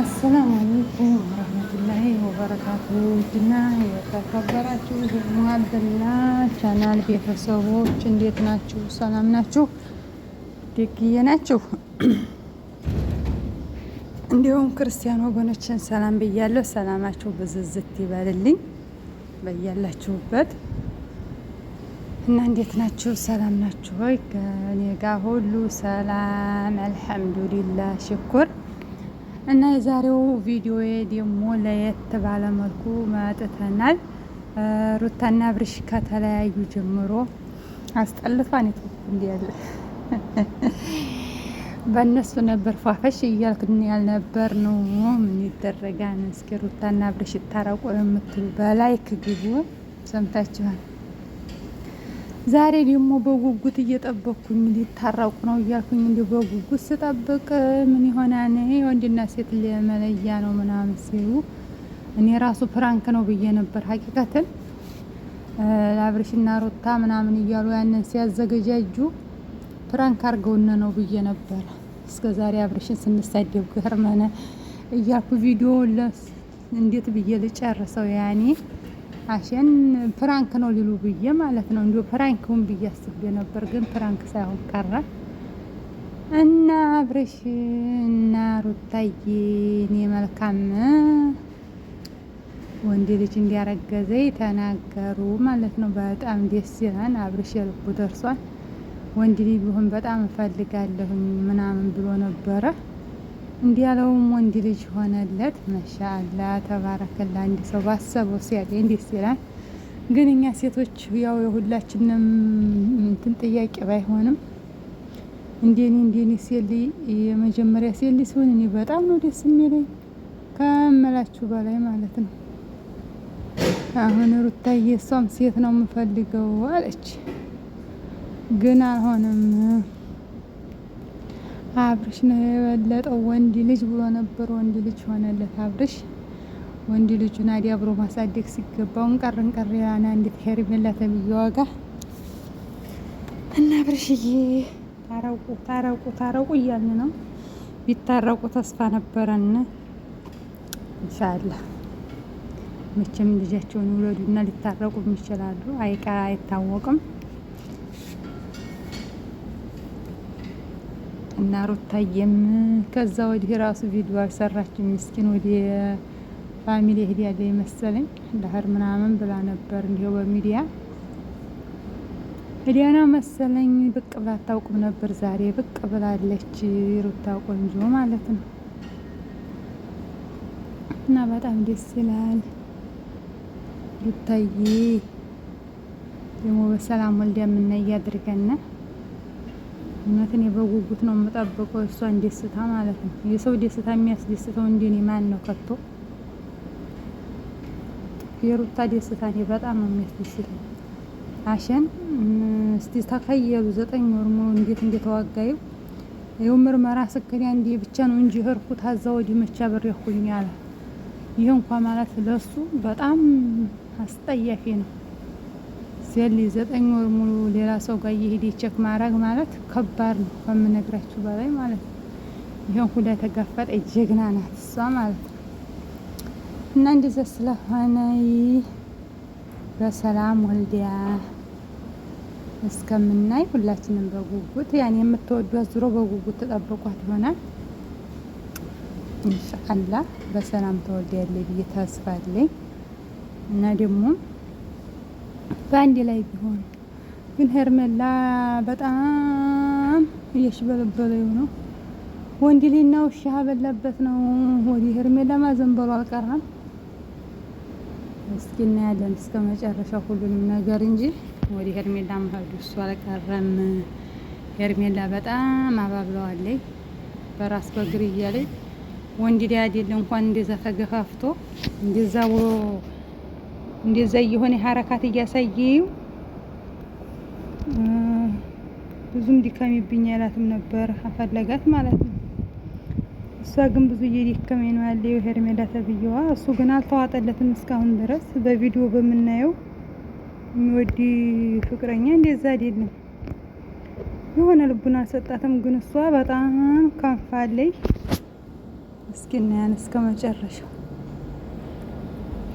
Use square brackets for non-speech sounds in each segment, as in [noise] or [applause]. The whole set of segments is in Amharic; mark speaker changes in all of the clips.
Speaker 1: አሰላሙ አለይኩም ወረህመቱላሂ ወበረካቱ ድና የተከበራችሁ ሙሀብላ ቻናል ቤተሰቦች እንዴት ናችሁ? ሰላም ናችሁ? ደግዬ ናችሁ? እንዲሁም ክርስቲያን ወገኖችን ሰላም ብያለሁ። ሰላማችሁ ብዝዝት ይበልልኝ በያላችሁበት እና እንዴት ናችሁ? ሰላም ናችሁ ወይ? ከኔ ጋ ሁሉ ሰላም አልሐምዱሊላህ ሽኩር እና የዛሬው ቪዲዮ ደግሞ ለየት ባለ መልኩ መጥተናል። ሩታና ብርሽ ከተለያዩ ጀምሮ አስጠልቷን የት እንዲያለ [laughs] በእነሱ ነበር ፏፈሽ እያልክን ያልነበር ነው። ምን ይደረጋል? እስኪ ሩታና ብርሽ ይታረቁ የምትሉ በላይክ ግቡ። ሰምታችኋል። ዛሬ ደግሞ በጉጉት እየጠበኩኝ ሊታረቁ ነው እያልኩኝ እንዲ በጉጉት ስጠብቅ ምን ይሆናል ወንድና ሴት ለመለያ ነው ምናምን ሲሉ እኔ ራሱ ፕራንክ ነው ብዬ ነበር። ሀቂቀትን አብርሽና ሩታ ምናምን እያሉ ያንን ሲያዘገጃጁ ፕራንክ አድርገውነ ነው ብዬ ነበረ። እስከ ዛሬ አብርሽን ስንሳደብ ገርመነ እያልኩ ቪዲዮ እንዴት ብዬ ልጨርሰው ያኔ አሸን ፕራንክ ነው ሊሉ ብዬ ማለት ነው። እንዲሁ ፕራንክውን ብዬ አስቤ ነበር፣ ግን ፕራንክ ሳይሆን ቀረ እና አብረሽ እና ሩታዬ እኔ መልካም ወንድ ልጅ እንዲያረገዘ ተናገሩ ማለት ነው። በጣም ደስ ይላል። አብረሽ የልቡ ደርሷል። ወንድ ልጅ ቢሆን በጣም እፈልጋለሁኝ ምናምን ብሎ ነበረ። እንዲያለውም ወንድ ልጅ ሆነለት። መሻአላ ተባረከላ። አንድ ሰው ባሰበው ሲያገኝ ደስ ይላል። ግን እኛ ሴቶች ያው የሁላችንም እንትን ጥያቄ ባይሆንም እንዴኔ እንዴኔ ሴል የመጀመሪያ ሴል ሲሆን እኔ በጣም ነው ደስ የሚለኝ ከመላችሁ በላይ ማለት ነው። አሁን ሩታዬ እሷም ሴት ነው የምፈልገው አለች፣ ግን አልሆነም። አብርሽ ነው የበለጠው ወንድ ልጅ ብሎ ነበር። ወንድ ልጅ ሆነለት አብርሽ። ወንድ ልጁን አዲ አብሮ ማሳደግ ሲገባውን ቀርን ቀር ያና እንዴት ሄርሜላ ተብዬ ዋጋ እና አብርሽዬ ታረቁ ታረቁ ታረቁ እያልን ነው። ቢታረቁ ተስፋ ነበረን። ኢንሻአላህ መቼም ልጃቸውን ይውለዱና ሊታረቁ ይችላሉ። አይቃ አይታወቅም። እና ሩታየም ከዛ ወዲህ ራሱ ቪዲዮ አልሰራችም። ምስኪን ወደ ፋሚሊ ሄድ ያለ መሰለኝ ዳህር ምናምን ብላ ነበር እንዲሁ በሚዲያ ሄዲያና መሰለኝ ብቅ ብላ አታውቅም ነበር። ዛሬ ብቅ ብላለች ሩታ ቆንጆ ማለት ነው። እና በጣም ደስ ይላል። ሩታዬ ደግሞ በሰላም ወልዲያ የምናይ አድርገና እውነትን በጉጉት ነው የምጠብቀው እሷን ደስታ ማለት ነው። የሰው ደስታ የሚያስደስተው እንደኔ ማን ነው ከቶ? የሩታ ደስታ እኔ በጣም ነው የሚያስደስተው። አሸን እስቲ ተከየሉ ዘጠኝ ወር ሙሉ እንዴት እንደተዋጋዩ ይኸው ምርመራ ስክሪ አንዴ ብቻ ነው እንጂ ህርኩ ታዛ ወዲህ መቻ ብር ያኩልኛል። ይህ እንኳ ማለት ለሱ በጣም አስጠያፊ ነው። ዘሊ ዘጠኝ ወር ሙሉ ሌላ ሰው ጋር እየሄደ ቼክ ማድረግ ማለት ከባድ ነው፣ ከምነግራችሁ በላይ ማለት ነው። ይሄን ሁሉ የተጋፈጠ ጀግና ናት እሷ ማለት ነው። እና እንደዛ ስለሆነ በሰላም ወልዲያ እስከምናይ ሁላችንም በጉጉት ያን የምትወዷት ዙሮ በጉጉት ተጠብቋት ይሆናል። ኢንሻአላህ በሰላም ተወልዲያለች ብዬ ተስፋ አለኝ እና ደግሞ በአንድ ላይ ቢሆን ግን ሄርሜላ በጣም እየሽበለበለ ነው። ወንድ ሊና ውሻ በላበት ነው። ወዲህ ሄርሜላ ማዘንበሉ አልቀረም። እስኪ እናያለን እስከ መጨረሻው ሁሉንም ነገር እንጂ ወዲህ ሄርሜላ መሄዱ እሱ አልቀረም። ሄርሜላ በጣም አባብለዋለች። በራስ በግር እያለች ወንድ ሊያድል እንኳን እንደዛ ተገፋፍቶ እንደዛ እንደዛ የሆነ ሀረካት እያሳየው ብዙም ድካሚብኝ ያላትም ነበር አፈለጋት ማለት ነው። እሷ ግን ብዙ እየደከመ ነው ያለ ሄርሜላ ተብዬዋ። እሱ ግን አልተዋጠለትም እስካሁን ድረስ በቪዲዮ በምናየው የሚወድ ፍቅረኛ እንደዛ አይደለም። የሆነ ልቡን አልሰጣትም። ግን እሷ በጣም ከንፋለይ። እስኪ እናያን እስከ መጨረሻው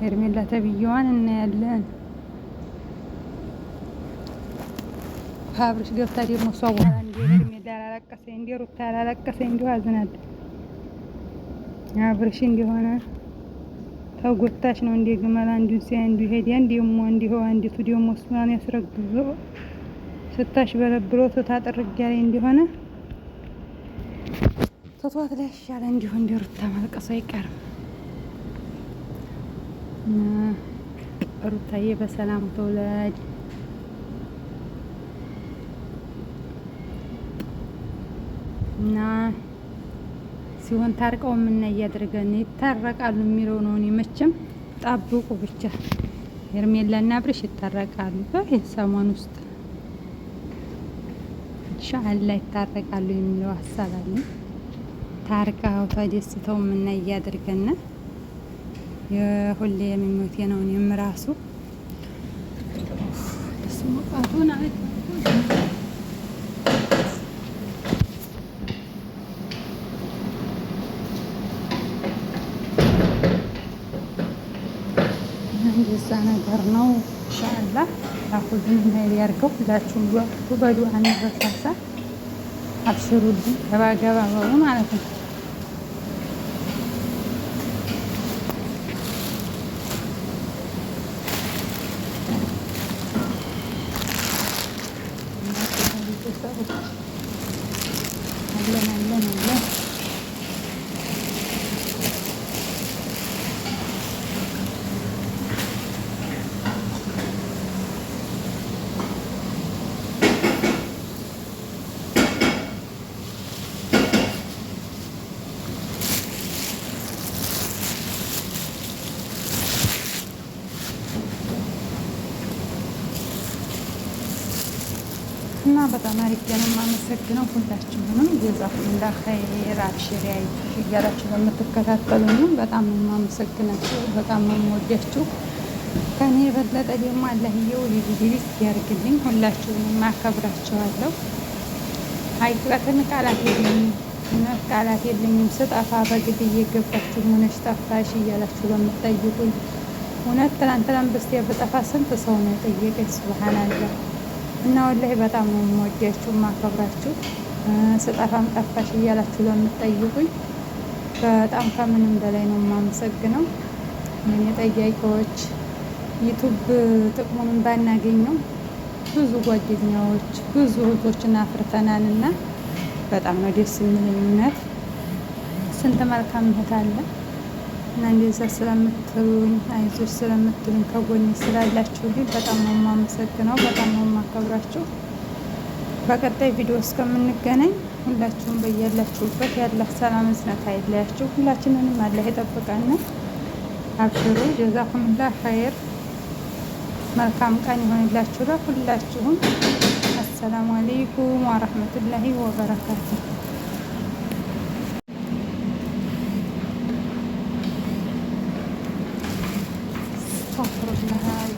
Speaker 1: ሄርሜላ ተብዬዋን እናያለን። ሀብርሽ ገብታ ደግሞ እሷ በኋላ እንዲ ሄርሜላ አላለቀሰ እንዲ ሩታ አላለቀሰ እንዲ አዝናል ሀብርሽ እንዲሆነ ተጎታች ነው እንደ ግመላ አንዱ ሲ አንዱ ሄድ ደግሞ እንዲሁ አንዲቱ ደግሞ እሷን ያስረግዞ ስታሽ በለብሎ ተታጥርግ ያለ እንዲሆነ ተቷት ላይ ይሻለ እንዲሁ እንደ ሩታ ማልቀሱ አይቀርም። ሩታዬ በሰላም ተውለድ። እና ሲሆን ታርቀው ምን እያደረገን ይታረቃሉ የሚለው ነው። እኔ መቼም ጠብቁ ብቻ ሄርሜላና አብርሽ ይታረቃሉ። በይህ ሰሞን ውስጥ ኢንሻአላ ይታረቃሉ የሚለው ሀሳብ አለ። ታርቀው ተደስተው ምን እያደረገን የሁሌ የሚሞቴ ነው። እኔም ራሱ እንደዛ ነገር ነው። እንሻአላ ሁሉም ሀይል ያርገው። ሁላችሁም በዱዓ እንረሳሳ። አብሽሩልኝ ገባ ገባ በሉ ማለት ነው። እና በጣም አሪፍ ነው። የማመሰግነው ሁላችሁንም ጀዛኩሙላህ ኸይራ አብሽሪ እያላችሁ በምትከታተሉኝ በጣም የማመሰግናችሁ በጣም የምወዳችሁ ከኔ የበለጠ ደግሞ አላህየው የዲቪስ ያርግልኝ። ሁላችሁንም ማከብራችኋለሁ። አይቀጥን ቃላት የለኝም ቃላት የለኝም። ስጠፋ በግድ እየገባችሁ ሆነሽ ጠፋሽ እያላችሁ በምትጠይቁኝ እውነት ትናንትናን በስቲያ በጠፋ ስንት ሰው ነው የጠየቀኝ። ሱብሃንአላህ እና ወላሂ በጣም ነው የምወዳችሁ ማከብራችሁ። ስጠፋም ጠፋሽ እያላችሁ ለምትጠይቁኝ በጣም ከምንም በላይ ነው የማመሰግነው። እኔ ጠያቂዎች ዩቱብ ጥቅሙን ባናገኘው ነው ብዙ ጓደኛዎች ብዙ እህቶችን አፍርተናል እና በጣም ነው ደስ የሚለኝ እውነት ስንት መልካም እህት አለ። እና እንደዛ ስለምትሉኝ አይዞች ስለምትሉኝ ከጎኝ ስላላችሁልኝ በጣም ነው የማመሰግነው፣ በጣም ነው የማከብራችሁ። በቀጣይ ቪዲዮ እስከምንገናኝ ሁላችሁም በያላችሁበት ያለ ሰላም እዝነት አይለያችሁ። ሁላችንንም አላህ ይጠብቀን። አብሽሩ። ጀዛኩምላ ኸይር። መልካም ቀን ይሆንላችሁ ለሁላችሁም። አሰላሙ አለይኩም ወረህመቱላሂ ወበረካቱ።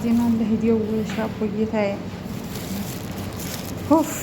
Speaker 1: ዜና ለሂዲዮ ሻቦ ጌታዬ ኡፍ